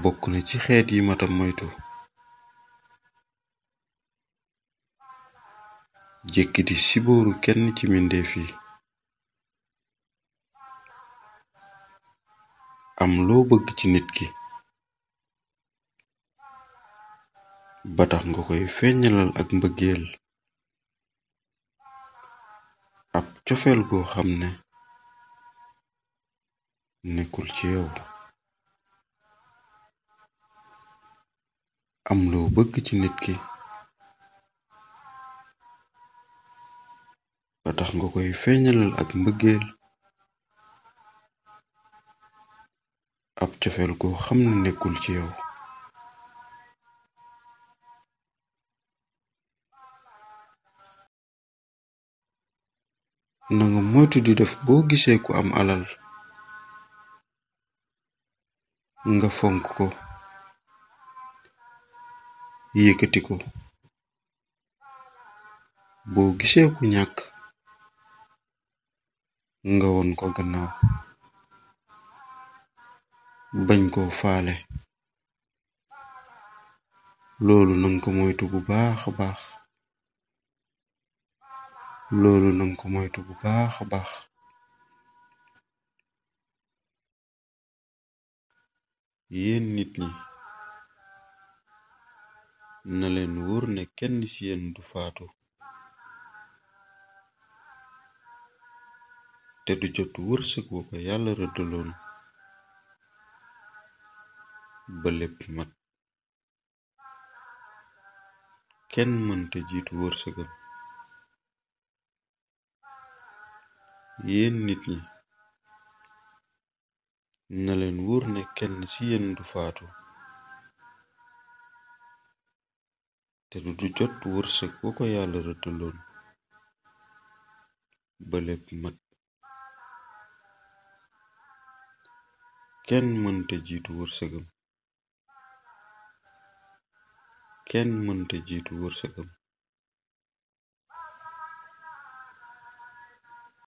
bokk ci xeet yi mata moytu jékkiti sibooru kenn ci mbindeef yi am loo bëgg ci nit ki batax nga koy feeñalal ak mbëggeel ab cofeel goo xam ne nekkul ci yow am loo bëgg ci nit ki ba tax nga koy feeñalal ak mbëggeel ab cofeel goo xam ne nekkul ci yow nanga moytu def boo gisee ku am alal nga fonk ko yëkkatiku boo gisee ku ñàkk nga won ko gannaaw bañ ko faale loolu nan ko moytu bu baax a baax loolu nan ko moytu bu baax a baax yéen nit ñi na leen kenn ci yéen du faatu te du jot wërsëg wa ko yàlla rëddaloon ba lépp mat kenn mënta jiitu wërsëgam yéen nit ñi na leen kenn ci yéen du faatu te du jot wërsëg wu ko yàlla rëddaloon ba lépp mat kenn mënta jiitu wërsëgam kenn